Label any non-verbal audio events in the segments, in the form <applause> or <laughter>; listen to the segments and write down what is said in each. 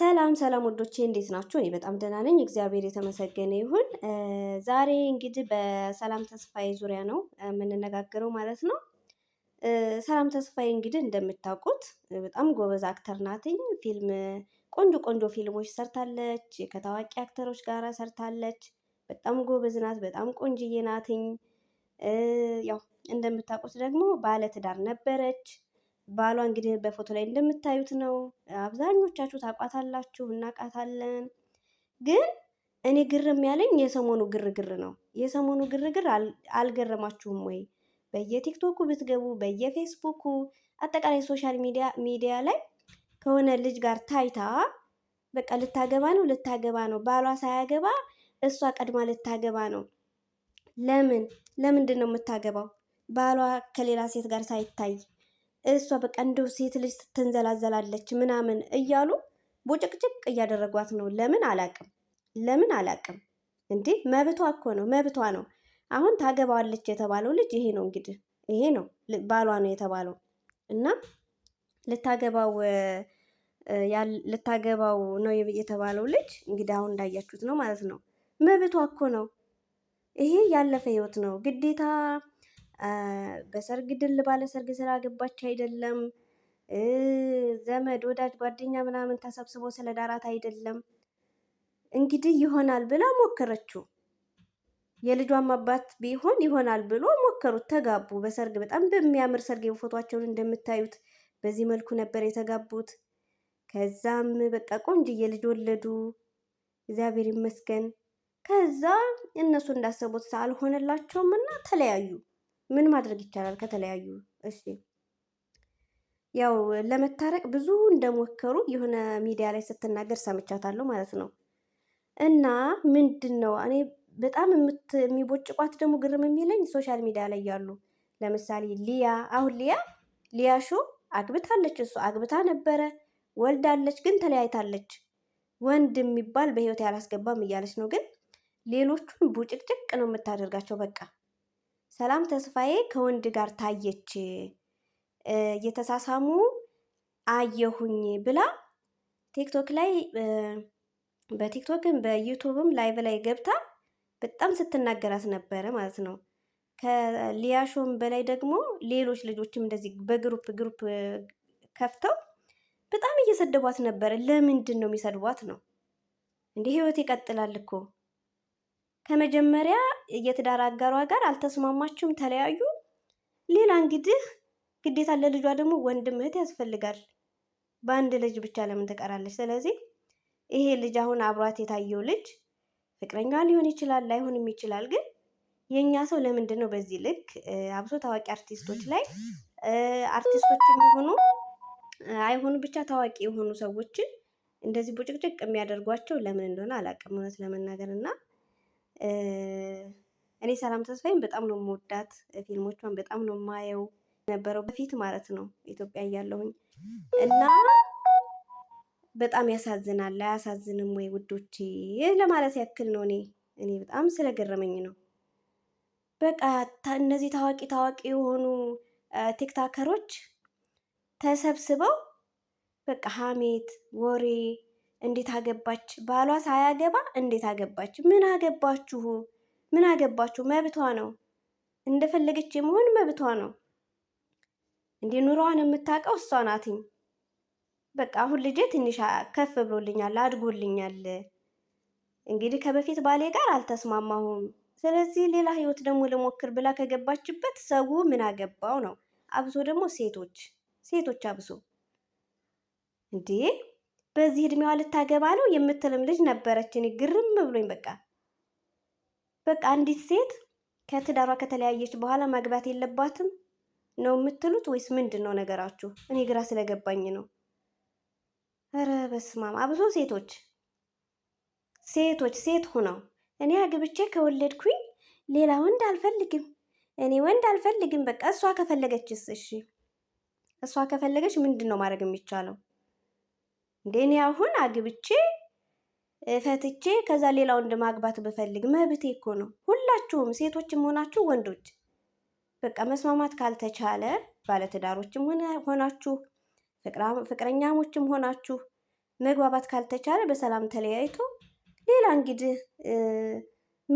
ሰላም ሰላም ወዶቼ እንዴት ናችሁ? እኔ በጣም ደህና ነኝ፣ እግዚአብሔር የተመሰገነ ይሁን። ዛሬ እንግዲህ በሰላም ተስፋዬ ዙሪያ ነው የምንነጋገረው ማለት ነው። ሰላም ተስፋዬ እንግዲህ እንደምታውቁት በጣም ጎበዝ አክተር ናትኝ። ፊልም ቆንጆ ቆንጆ ፊልሞች ሰርታለች፣ ከታዋቂ አክተሮች ጋር ሰርታለች። በጣም ጎበዝ ናት፣ በጣም ቆንጅዬ ናትኝ። ያው እንደምታውቁት ደግሞ ባለትዳር ነበረች። ባሏ እንግዲህ በፎቶ ላይ እንደምታዩት ነው። አብዛኞቻችሁ ታውቋታላችሁ፣ እናውቃታለን። ግን እኔ ግርም ያለኝ የሰሞኑ ግርግር ነው። የሰሞኑ ግርግር አልገረማችሁም ወይ? በየቲክቶኩ ብትገቡ በየፌስቡኩ አጠቃላይ ሶሻል ሚዲያ ሚዲያ ላይ ከሆነ ልጅ ጋር ታይታ በቃ ልታገባ ነው ልታገባ ነው ባሏ ሳያገባ እሷ ቀድማ ልታገባ ነው። ለምን ለምንድን ነው የምታገባው ባሏ ከሌላ ሴት ጋር ሳይታይ እሷ በቃ እንደው ሴት ልጅ ትንዘላዘላለች ምናምን እያሉ ቦጭቅጭቅ እያደረጓት ነው። ለምን አላቅም፣ ለምን አላቅም። እንዴ መብቷ እኮ ነው፣ መብቷ ነው። አሁን ታገባዋለች የተባለው ልጅ ይሄ ነው እንግዲህ፣ ይሄ ነው ባሏ ነው የተባለው እና ልታገባው ልታገባው ነው የተባለው ልጅ እንግዲህ አሁን እንዳያችሁት ነው ማለት ነው። መብቷ እኮ ነው። ይሄ ያለፈ ህይወት ነው ግዴታ በሰርግ ድል ባለ ሰርግ ስራ ገባች አይደለም፣ ዘመድ ወዳጅ ጓደኛ ምናምን ተሰብስቦ ስለ ዳራት አይደለም። እንግዲህ ይሆናል ብላ ሞከረችው። የልጇም አባት ቢሆን ይሆናል ብሎ ሞከሩት፣ ተጋቡ። በሰርግ በጣም በሚያምር ሰርግ ፎቷቸውን እንደምታዩት በዚህ መልኩ ነበር የተጋቡት። ከዛም በቃ ቆንጅዬ ልጅ ወለዱ፣ እግዚአብሔር ይመስገን። ከዛ እነሱ እንዳሰቡት አልሆነላቸውም እና ተለያዩ። ምን ማድረግ ይቻላል? ከተለያዩ እሺ ያው ለመታረቅ ብዙ እንደሞከሩ የሆነ ሚዲያ ላይ ስትናገር ሰምቻታለሁ ማለት ነው። እና ምንድን ነው እኔ በጣም የሚቦጭቋት ደግሞ ግርም የሚለኝ ሶሻል ሚዲያ ላይ ያሉ ለምሳሌ ሊያ አሁን ሊያ ሊያ ሾ አግብታለች። እሱ አግብታ ነበረ ወልዳለች፣ ግን ተለያይታለች። ወንድ የሚባል በህይወት ያላስገባም እያለች ነው። ግን ሌሎቹን ቡጭቅጭቅ ነው የምታደርጋቸው በቃ ሰላም ተስፋዬ ከወንድ ጋር ታየች እየተሳሳሙ አየሁኝ ብላ ቲክቶክ ላይ በቲክቶክም በዩቱብም ላይቭ ላይ ገብታ በጣም ስትናገራት ነበረ ማለት ነው። ከሊያሾም በላይ ደግሞ ሌሎች ልጆችም እንደዚህ በግሩፕ ግሩፕ ከፍተው በጣም እየሰደቧት ነበረ። ለምንድን ነው የሚሰድቧት ነው እንዲህ? ህይወት ይቀጥላል እኮ ከመጀመሪያ የትዳር አጋሯ ጋር አልተስማማችሁም፣ ተለያዩ። ሌላ እንግዲህ ግዴታ ለልጇ ደግሞ ወንድም እህት ያስፈልጋል። በአንድ ልጅ ብቻ ለምን ትቀራለች? ስለዚህ ይሄ ልጅ አሁን አብሯት የታየው ልጅ ፍቅረኛ ሊሆን ይችላል፣ ላይሆንም ይችላል። ግን የእኛ ሰው ለምንድን ነው በዚህ ልክ አብሶ ታዋቂ አርቲስቶች ላይ አርቲስቶች የሚሆኑ አይሆኑ ብቻ ታዋቂ የሆኑ ሰዎችን እንደዚህ ቡጭቅጭቅ የሚያደርጓቸው ለምን እንደሆነ አላውቅም እውነት ለመናገር እና እኔ ሰላም ተስፋዬን በጣም ነው የምወዳት። ፊልሞቿን በጣም ነው የማየው ነበረው በፊት ማለት ነው ኢትዮጵያ እያለሁኝ እና በጣም ያሳዝናል። አያሳዝንም ወይ ውዶቼ? ለማለት ያክል ነው። እኔ እኔ በጣም ስለገረመኝ ነው። በቃ እነዚህ ታዋቂ ታዋቂ የሆኑ ቲክታከሮች ተሰብስበው በቃ ሀሜት ወሬ እንዴት አገባች? ባሏ ሳያገባ እንዴት አገባች? ምን አገባችሁ? ምን አገባችሁ? መብቷ ነው። እንደፈለገች የመሆን መብቷ ነው። እንዴ ኑሯን የምታውቀው እሷ ናትኝ። በቃ አሁን ልጄ ትንሽ ከፍ ብሎልኛል፣ አድጎልኛል። እንግዲህ ከበፊት ባሌ ጋር አልተስማማሁም፣ ስለዚህ ሌላ ህይወት ደግሞ ልሞክር ብላ ከገባችበት ሰው ምን አገባው ነው። አብሶ ደግሞ ሴቶች ሴቶች አብሶ እንዴ በዚህ እድሜዋ ልታገባ ነው የምትልም ልጅ ነበረች። እኔ ግርም ብሎኝ በቃ በቃ አንዲት ሴት ከትዳሯ ከተለያየች በኋላ ማግባት የለባትም ነው የምትሉት ወይስ ምንድን ነው ነገራችሁ? እኔ ግራ ስለገባኝ ነው። ኧረ በስማም አብዞ ሴቶች ሴቶች ሴት ሁነው እኔ አግብቼ ከወለድኩኝ ሌላ ወንድ አልፈልግም፣ እኔ ወንድ አልፈልግም። በቃ እሷ ከፈለገችስ? እሺ እሷ ከፈለገች ምንድን ነው ማድረግ የሚቻለው? እንዴ አሁን አግብቼ ፈትቼ ከዛ ሌላ ወንድ ማግባት ብፈልግ መብቴ እኮ ነው። ሁላችሁም ሴቶችም ሆናችሁ ወንዶች በቃ መስማማት ካልተቻለ ባለትዳሮችም ሆናችሁ ፍቅረኛሞችም ሆናችሁ መግባባት ካልተቻለ በሰላም ተለያይቶ ሌላ እንግዲህ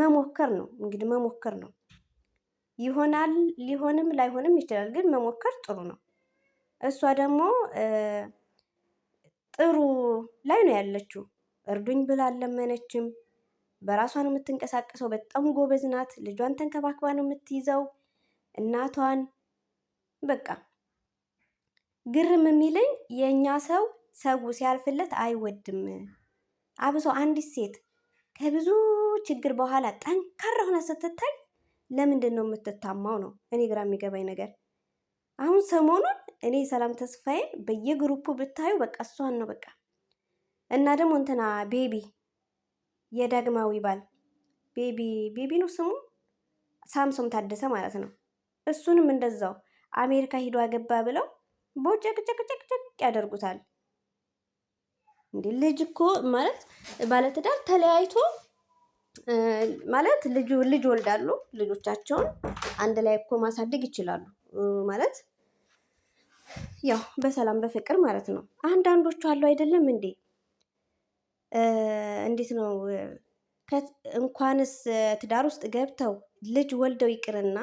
መሞከር ነው እንግዲህ መሞከር ነው። ይሆናል ሊሆንም ላይሆንም ይችላል፣ ግን መሞከር ጥሩ ነው። እሷ ደግሞ ጥሩ ላይ ነው ያለችው። እርዱኝ ብላ አልለመነችም። በራሷ ነው የምትንቀሳቀሰው። በጣም ጎበዝ ናት። ልጇን ተንከባክባ ነው የምትይዘው እናቷን። በቃ ግርም የሚለኝ የእኛ ሰው ሰው ሲያልፍለት አይወድም። አብሶ አንዲት ሴት ከብዙ ችግር በኋላ ጠንካራ ሆና ስትታይ ለምንድን ነው የምትታማው? ነው እኔ ግራ የሚገባኝ ነገር። አሁን ሰሞኑን እኔ ሰላም ተስፋዬ በየግሩፑ ብታዩ በቃ እሷን ነው በቃ። እና ደግሞ እንትና ቤቢ የዳግማዊ ባል ቤቢ ቤቢ ነው ስሙ፣ ሳምሶም ታደሰ ማለት ነው። እሱንም እንደዛው አሜሪካ ሂዶ አገባ ብለው ቦጨቅጨቅጨቅጨቅ ያደርጉታል። እንዴ ልጅ እኮ ማለት ባለትዳር ተለያይቶ ማለት ልጅ ልጅ ወልዳሉ። ልጆቻቸውን አንድ ላይ እኮ ማሳደግ ይችላሉ ማለት ያው በሰላም በፍቅር ማለት ነው። አንዳንዶቹ አሉ አይደለም እንዴ እንዴት ነው እንኳንስ ትዳር ውስጥ ገብተው ልጅ ወልደው ይቅርና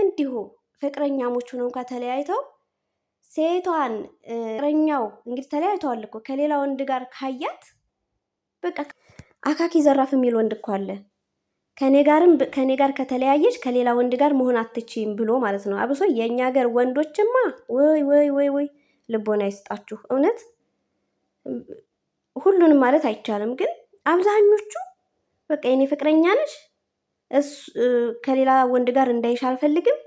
እንዲሁ ፍቅረኛሞች ሆነው እንኳ ተለያይተው ሴቷን ፍቅረኛው እንግዲህ ተለያይተዋል እኮ ከሌላ ወንድ ጋር ካያት በቃ አካኪ ዘራፍ የሚል ወንድ እኮ አለ። ከኔ ጋርም ከኔ ጋር ከተለያየች ከሌላ ወንድ ጋር መሆን አትችይም ብሎ ማለት ነው። አብሶ የእኛ ሀገር ወንዶችማ ወይ ወይ ወይ ወይ ልቦና ይስጣችሁ። እውነት ሁሉንም ማለት አይቻልም፣ ግን አብዛኞቹ በቃ የኔ ፍቅረኛ ነች ከሌላ ወንድ ጋር እንዳይሽ አልፈልግም፣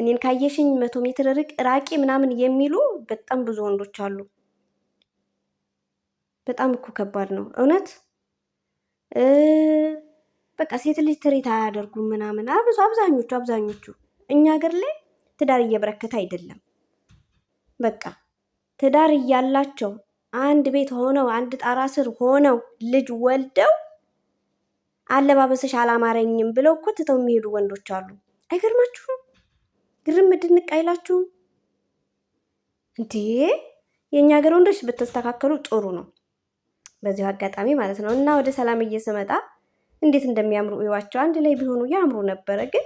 እኔን ካየሽኝ መቶ ሜትር ርቅ ራቂ ምናምን የሚሉ በጣም ብዙ ወንዶች አሉ። በጣም እኮ ከባድ ነው እውነት በቃ ሴት ልጅ ትሬት አያደርጉም ምናምን አብዙ አብዛኞቹ አብዛኞቹ እኛ ሀገር ላይ ትዳር እየበረከተ አይደለም። በቃ ትዳር እያላቸው አንድ ቤት ሆነው አንድ ጣራ ስር ሆነው ልጅ ወልደው አለባበስሽ አላማረኝም ብለው እኮ ትተው የሚሄዱ ወንዶች አሉ። አይገርማችሁም? ግርም ድንቅ አይላችሁም እንዴ? የእኛ ሀገር ወንዶች ብትስተካከሉ ጥሩ ነው። በዚሁ አጋጣሚ ማለት ነው እና ወደ ሰላም እየስመጣ እንዴት እንደሚያምሩ እዩዋቸው። አንድ ላይ ቢሆኑ ያምሩ ነበረ፣ ግን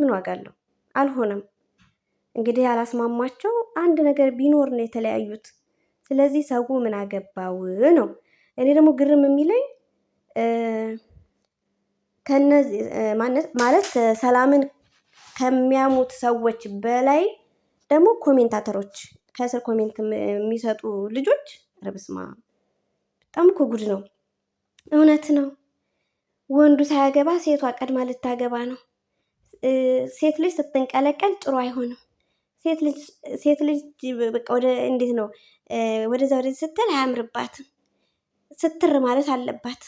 ምን ዋጋ አለው? አልሆነም። እንግዲህ ያላስማማቸው አንድ ነገር ቢኖር ነው የተለያዩት። ስለዚህ ሰው ምን አገባው ነው። እኔ ደግሞ ግርም የሚለኝ ከነዚህ ማለት ሰላምን ከሚያሙት ሰዎች በላይ ደግሞ ኮሜንታተሮች ከስር ኮሜንት የሚሰጡ ልጆች ርብስማ በጣም እኮ ጉድ ነው። እውነት ነው። ወንዱ ሳያገባ ሴቷ ቀድማ ልታገባ ነው። ሴት ልጅ ስትንቀለቀል ጥሩ አይሆንም። ሴት ልጅ በቃ ወደ እንዴት ነው ወደዛ ወደዚህ ስትል አያምርባትም። ስትር ማለት አለባት።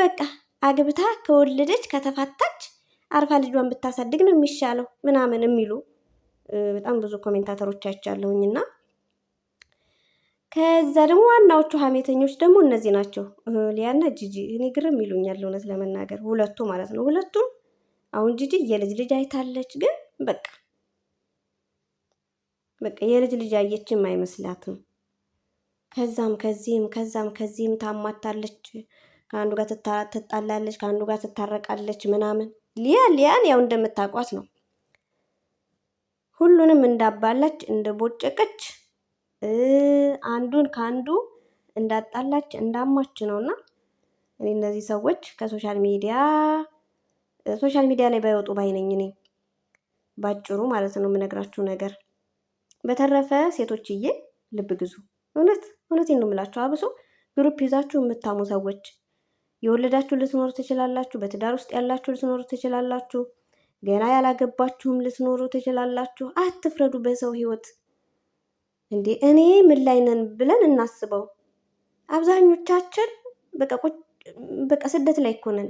በቃ አግብታ ከወለደች ከተፋታች አርፋ ልጇን ብታሳድግ ነው የሚሻለው ምናምን የሚሉ በጣም ብዙ ኮሜንታተሮች አይቻለሁኝና ከዛ ደግሞ ዋናዎቹ ሀሜተኞች ደግሞ እነዚህ ናቸው፣ ሊያና ጂጂ። እኔ ግርም ይሉኛል እውነት ለመናገር ሁለቱ ማለት ነው። ሁለቱም አሁን ጂጂ የልጅ ልጅ አይታለች፣ ግን በቃ በቃ የልጅ ልጅ አየችም አይመስላትም። ከዛም ከዚህም ከዛም ከዚህም ታማታለች፣ ከአንዱ ጋር ትጣላለች፣ ከአንዱ ጋር ትታረቃለች ምናምን። ሊያ ሊያን ያው እንደምታውቋት ነው ሁሉንም እንዳባላች እንደቦጨቀች አንዱን ከአንዱ እንዳጣላች እንዳማች እና እኔ እነዚህ ሰዎች ከሶሻል ሚዲያ ሶሻል ሚዲያ ላይ ባይወጡ ባይነኝ እኔ ባጭሩ ማለት ነው የምነግራችሁ ነገር። በተረፈ ሴቶችዬ ልብ ግዙ። እውነት እውነት ነው የምላችሁ። አብሶ ግሩፕ ይዛችሁ የምታሙ ሰዎች የወለዳችሁ ልትኖሩ ትችላላችሁ። በትዳር ውስጥ ያላችሁ ልትኖሩ ትችላላችሁ። ገና ያላገባችሁም ልትኖሩ ትችላላችሁ። አትፍረዱ በሰው ህይወት። እንዴ እኔ ምን ላይ ነን ብለን እናስበው። አብዛኞቻችን በቃ ስደት ላይ እኮ ነን።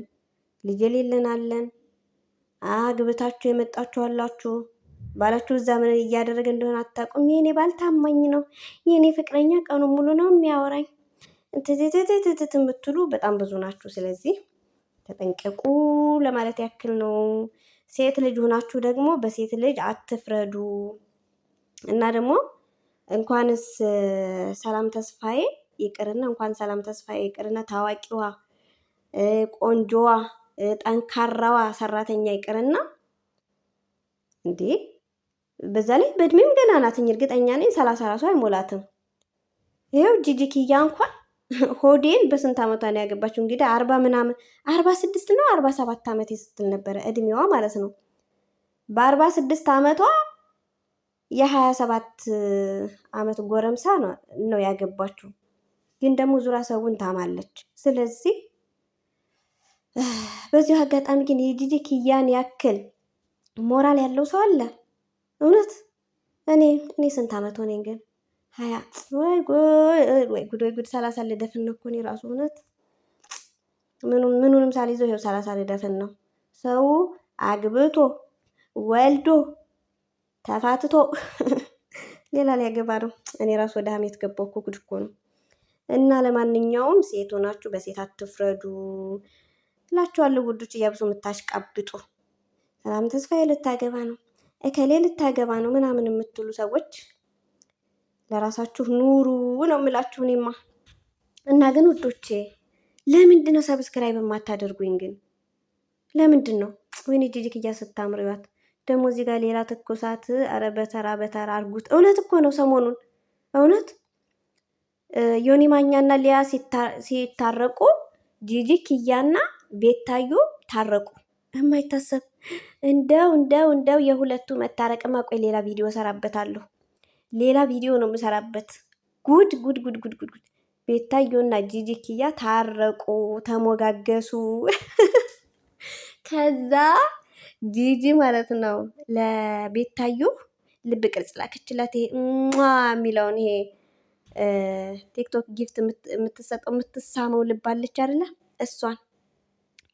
ልጅ የሌለን አለን። አግብታችሁ የመጣችሁ አላችሁ። ባላችሁ እዛ ምን እያደረገ እንደሆነ አታውቁም። የእኔ ባል ታማኝ ነው፣ የእኔ ፍቅረኛ ቀኑ ሙሉ ነው የሚያወራኝ ትትትትትት የምትሉ በጣም ብዙ ናችሁ። ስለዚህ ተጠንቀቁ ለማለት ያክል ነው። ሴት ልጅ ሆናችሁ ደግሞ በሴት ልጅ አትፍረዱ እና ደግሞ እንኳንስ ሰላም ተስፋዬ ይቅርና እንኳን ሰላም ተስፋዬ ይቅርና ታዋቂዋ ቆንጆዋ ጠንካራዋ ሰራተኛ ይቅርና እንዴ በዛ ላይ በእድሜም ገና ናትኝ። እርግጠኛ ነኝ ሰላሳ ራሱ አይሞላትም። ይኸው ጂጂኪያ እንኳን ሆዴን በስንት ዓመቷ ነው ያገባችው? እንግዲህ አርባ ምናምን አርባ ስድስት ነው አርባ ሰባት ዓመቴ ስትል ነበረ እድሜዋ ማለት ነው። በአርባ ስድስት ዓመቷ የሀያ ሰባት ዓመት ጎረምሳ ነው ያገባችው። ግን ደግሞ ዙራ ሰውን ታማለች። ስለዚህ በዚሁ አጋጣሚ ግን የጂጂ ኪያን ያክል ሞራል ያለው ሰው አለ? እውነት እኔ እኔ ስንት አመት ሆነኝ ግን ሀያ ወይ ጉድ ወይ ጉድ ሰላሳ ልደፍን ነው እኮ እኔ ራሱ እውነት ምኑንም ሳልይዘው ይኸው ሰላሳ ልደፍን ነው ሰው አግብቶ ወልዶ ተፋትቶ <laughs> ሌላ ሊያገባ ነው። እኔ ራሱ ወደ ሀሜት ገባሁ እኮ ጉድ እኮ ነው። እና ለማንኛውም ሴት ሆናችሁ በሴት አትፍረዱ እላችኋለሁ ውዶች። እያብዙ የምታሽቃብጡ ሰላም ተስፋዬ ልታገባ ነው፣ እከሌ ልታገባ ነው ምናምን የምትሉ ሰዎች ለራሳችሁ ኑሩ ነው የምላችሁ እኔማ። እና ግን ውዶቼ ለምንድን ነው ሰብስክራይብ የማታደርጉኝ? ግን ለምንድን ነው? ወይኔ ጅጅክ ስታምር ይዋት ደግሞ እዚህ ጋር ሌላ ትኩሳት። አረ በተራ በተራ አርጉት። እውነት እኮ ነው ሰሞኑን እውነት ዮኒ ማኛና ሊያ ሲታረቁ ጂጂ ኪያና ቤታዩ ታረቁ። የማይታሰብ እንደው እንደው እንደው የሁለቱ መታረቅማ። ቆይ ሌላ ቪዲዮ ሰራበታለሁ። ሌላ ቪዲዮ ነው የምሰራበት። ጉድ ጉድ ጉድ ጉድ ጉድ! ቤታዩና ጂጂ ኪያ ታረቁ፣ ተሞጋገሱ <laughs> ከዛ ጂጂ ማለት ነው ለቤታዩ ልብ ቅርጽ ላከችላት። ይሄ የሚለውን ይሄ ቲክቶክ ጊፍት የምትሰጠው የምትሳመው ልብ አለች አይደለ? እሷን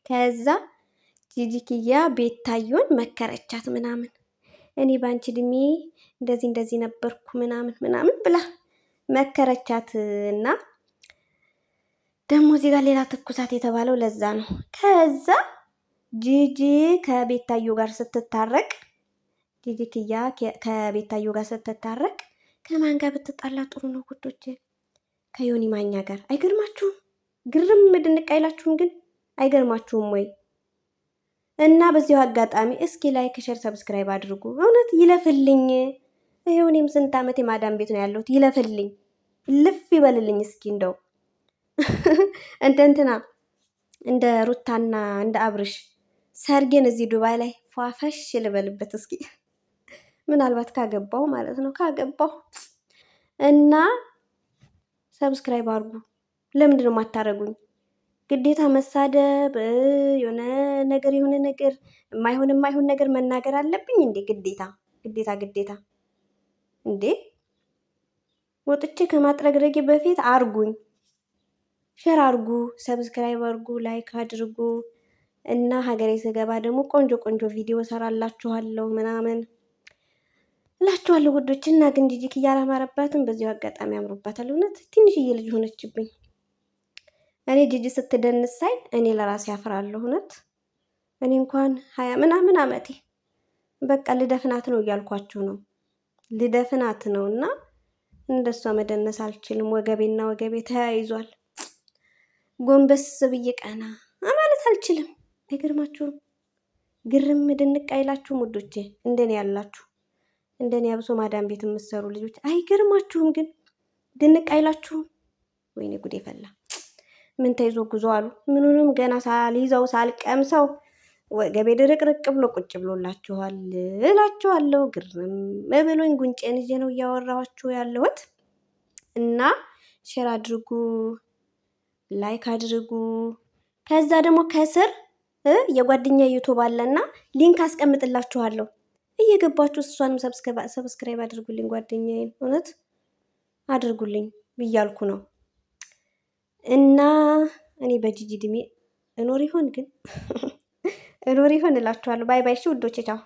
ከዛ ጂጂ ኪያ ቤታዩን መከረቻት ምናምን እኔ በአንቺ እድሜ እንደዚህ እንደዚህ ነበርኩ ምናምን ምናምን ብላ መከረቻት እና ደግሞ እዚህ ጋር ሌላ ትኩሳት የተባለው ለዛ ነው። ከዛ ጂጂ ከቤታዩ ጋር ስትታረቅ ጂጂ ክያ ከቤታዩ ጋር ስትታረቅ ከማን ጋር ብትጣላ ጥሩ ነው ጉዶች? ከዮኒ ማኛ ጋር አይገርማችሁም? ግርም ድንቅ አይላችሁም? ግን አይገርማችሁም ወይ? እና በዚሁ አጋጣሚ እስኪ ላይክ፣ ሼር፣ ሰብስክራይብ አድርጉ። እውነት ይለፍልኝ። ይኸው እኔም ስንት ዓመት የማዳም ቤት ነው ያለሁት። ይለፍልኝ፣ ልፍ ይበልልኝ። እስኪ እንደው <laughs> እንደ እንትና እንደ ሩታና እንደ አብርሽ ሰርጌን እዚህ ዱባይ ላይ ፏፈሽ ልበልበት እስኪ ምናልባት ካገባው ማለት ነው ካገባው እና ሰብስክራይብ አድርጉ ለምንድን ነው የማታረጉኝ ግዴታ መሳደብ የሆነ ነገር የሆነ ነገር የማይሆን የማይሆን ነገር መናገር አለብኝ እንዴ ግዴታ ግዴታ ግዴታ እንዴ ወጥቼ ከማጥረግረጌ በፊት አርጉኝ ሸር አርጉ ሰብስክራይብ አርጉ ላይክ አድርጉ እና ሀገሬ ስገባ ደግሞ ቆንጆ ቆንጆ ቪዲዮ ሰራላችኋለሁ ምናምን እላችኋለሁ ውዶች። እና ግን ጂጂክያ አላማረባትም። በዚሁ አጋጣሚ አምሮባታል። እውነት ትንሽዬ ልጅ ሆነችብኝ። እኔ ጂጂ ስትደንስ ሳይ እኔ ለራሴ ያፍራለሁ። እውነት እኔ እንኳን ሀያ ምናምን አመቴ በቃ ልደፍናት ነው እያልኳችሁ ነው ልደፍናት ነው እና እንደሷ መደነስ አልችልም። ወገቤና ወገቤ ተያይዟል። ጎንበስ ብዬ ቀና ማለት አልችልም። አይገርማችሁም? ግርም ድንቅ አይላችሁም ውዶቼ? እንደኔ ያላችሁ እንደኔ አብሶ ማዳን ቤት የምትሰሩ ልጆች አይገርማችሁም? ግን ድንቅ አይላችሁም? ወይኔ ጉዴ ፈላ። ምን ተይዞ ጉዞ አሉ። ምኑንም ገና ሳልይዘው ሳልቀምሰው ወገቤ ድርቅርቅ ብሎ ቁጭ ብሎላችኋል እላችኋለሁ። ግርም ብሎኝ ጉንጬን ይዤ ነው እያወራኋችሁ ያለሁት እና ሼር አድርጉ፣ ላይክ አድርጉ። ከዛ ደግሞ ከስር የጓደኛ ዩቱብ አለና ሊንክ አስቀምጥላችኋለሁ። እየገባችሁ እሷንም ሰብስክራይብ አድርጉልኝ፣ ጓደኛ እውነት አድርጉልኝ ብያልኩ ነው። እና እኔ በጂጂ ድሜ እኖር ይሆን ግን <laughs> እኖር ይሆን እላችኋለሁ። ባይ ባይ። እሺ ውዶቼ ቻው።